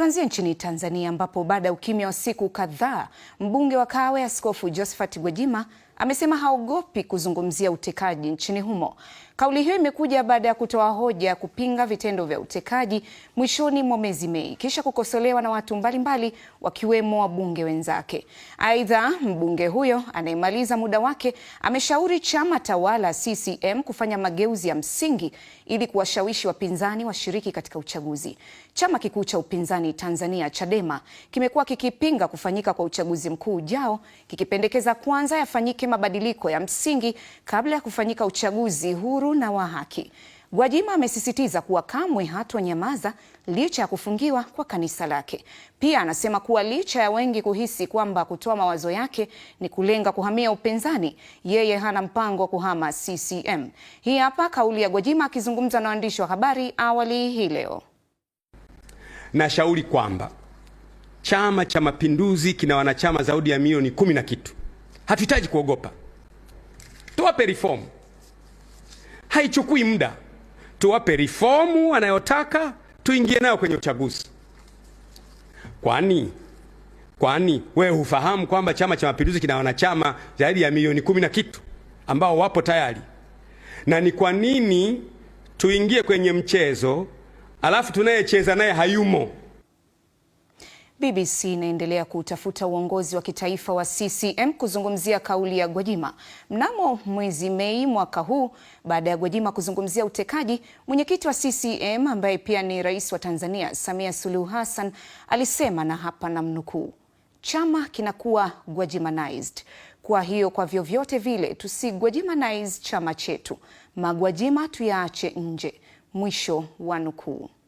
Tuanzie nchini Tanzania ambapo baada ya ukimya wa siku kadhaa, mbunge wa Kawe Askofu Josephat Gwajima amesema haogopi kuzungumzia utekaji nchini humo. Kauli hiyo imekuja baada ya kutoa hoja ya kupinga vitendo vya utekaji mwishoni mwa mwezi Mei kisha kukosolewa na watu mbalimbali wakiwemo wabunge wenzake. Aidha, mbunge huyo anayemaliza muda wake ameshauri chama tawala CCM kufanya mageuzi ya msingi ili kuwashawishi wapinzani washiriki katika uchaguzi. Chama kikuu cha upinzani Tanzania Chadema kimekuwa kikipinga kufanyika kwa uchaguzi mkuu ujao kikipendekeza kwanza yafanyike mabadiliko ya msingi kabla ya kufanyika uchaguzi huru na wa haki. Gwajima amesisitiza kuwa kamwe hatonyamaza licha ya kufungiwa kwa kanisa lake. Pia anasema kuwa licha ya wengi kuhisi kwamba kutoa mawazo yake ni kulenga kuhamia upinzani, yeye hana mpango wa kuhama CCM. Hii hapa kauli ya Gwajima akizungumza na waandishi wa habari awali hii leo. Nashauri kwamba Chama cha Mapinduzi kina wanachama zaidi ya milioni kumi na kitu Hatuhitaji kuogopa, tuwape reform. Haichukui muda, tuwape rifomu anayotaka, tuingie nayo kwenye uchaguzi. Kwani kwani wewe hufahamu kwamba Chama cha Mapinduzi kina wanachama zaidi ya milioni kumi na kitu ambao wapo tayari? Na ni kwa nini tuingie kwenye mchezo alafu tunayecheza naye hayumo? BBC inaendelea kutafuta uongozi wa kitaifa wa CCM kuzungumzia kauli ya Gwajima. Mnamo mwezi Mei mwaka huu, baada ya Gwajima kuzungumzia utekaji, mwenyekiti wa CCM ambaye pia ni rais wa Tanzania, Samia Suluhu Hassan, alisema na hapa namnukuu, chama kinakuwa Gwajimanized. Kwa hiyo kwa vyovyote vile tusi tusigwajimanize chama chetu, magwajima tuyaache nje. Mwisho wa nukuu.